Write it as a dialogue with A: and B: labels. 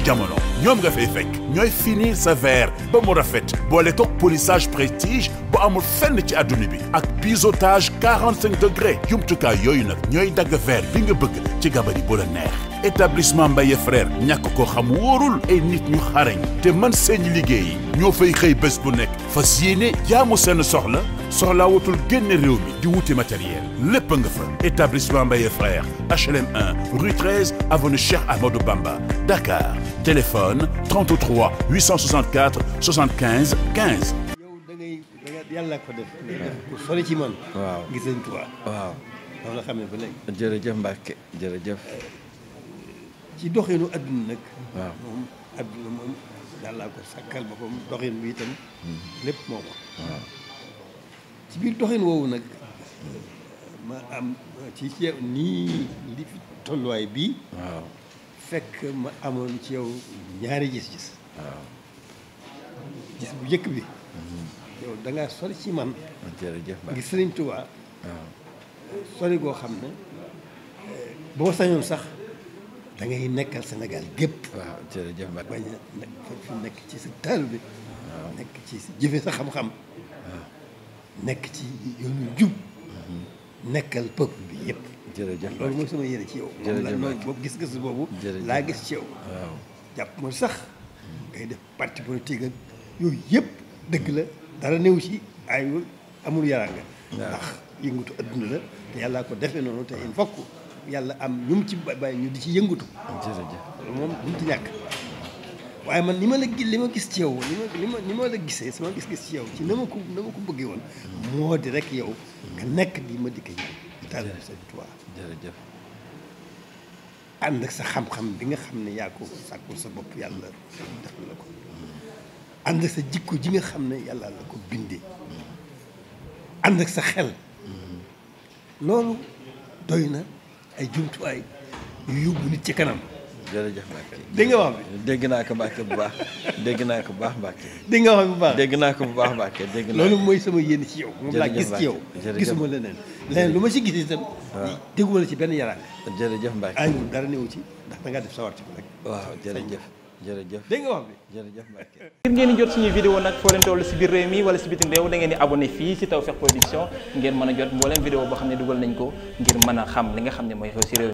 A: ci jamono ñoom nga fay fekk ñooy finir sa verre ba mu rafet boole toog polissage prestige bu amul fenn ci adduna bi ak biseautage 45 degré jumtukaay yoyu nag ñooy dagg verre bi nga bëgg ci gabari bu la neex établissement Mbaye frère ñàkk ko xam wóorul ay nit ñu xarañ te man seen liggéey ñoo fay xëy bés bu nekk fas yéene jaamu seen soxla soxlaa wutul génn réew mi di wuti matériel lépp nga fa établissement Mbaye frère HLM 1 rue 13 avenue Cheikh Amadou Bamba Dakar téléphone 33 864 75 15.
B: yow da ngay yàlla ko def. ku ci man. waaw ngir sëñ waaw loolu la xam ne ba léegi. jërëjëf Mbacke jërëjëf. ci doxinu adduna nag. moom adduna moom yàlla ko sàkkal boppam doxin bi itam. Mm-hmm. lépp moo ko. waaw am ci nii li fi tolluwaay bii. fekk ma amoon ci yow ñaari gis-gis. waaw. gis bu njëkk bi. Mhm. yow da ngaa ci man. Ah, jërëjëf ngir Sëriñ tuwa waaw goo xam ne eh, boo ma sañoon sax da ngay senegal Sénégal gépp. bañ a nekk ci sa taal bi. Ah. nekk ci jëfe sa xam-xam. Ah. nekk ci yoonu jub. Mhm. nekkal peuple bi yëpp. jërëjëf loolu mooy sama yéene ci yow. jërëjëf moom la boobu gis-gis boobu. laa gis ci yow. jàpp ma sax ngay def parti politique ak yooyu dëgg la dara néew ci ay amul yaraanga. ndax yëngatu adduna la te yàllaa ko defee noonu te il faut yàlla am ñu mu ci bàyyi ñu di ci yëngatu. jërëjëf moom duñ ci ñàkk. waaye man ni ma la li ma gis ci yow li ma li ma la gisee sama gis-gis ci yow ci na ma ko na ma ko bëggee woon moo di rek yow nga nekk di ma di ko tànn sëñ Tuubaa jërëjëf ànd ak sa xam-xam bi nga xam ne yaa ko sàkkul sa bopp yàlla def na la ko mm. ànd ak sa jikko ji nga xam ne yàlla la ko bindee mm. ànd ak sa xel mm. loolu doy na ay jumtuwaay yu yóbbu nit ci kanam jërëjëf Mbacke dégg nga wax bi dégg naa ko Mbacke bu baax dégg naa ko baax Mbacke dégg nga wax bu baax dégg naa ko bu baax Mbacke dégg naa loolu mooy sama yéen ci yow moom laa gis ci yow gisuma benn yaraan jërëjëf Mbacke ay dara néew ci ndax da ngaa def sa war ci ko rek waaw jërëjëf jërëjëf dégg nga wax bi ngir ngeen jot suñuy vidéo nag foo leen toll si biir réew mi wala si bitim réew da di abonné fii si Tawfekh Production ngeen mën a jot mbooleem vidéo boo xam ne dugal nañ ko ngir mën a xam li nga xam ne mooy xew si réew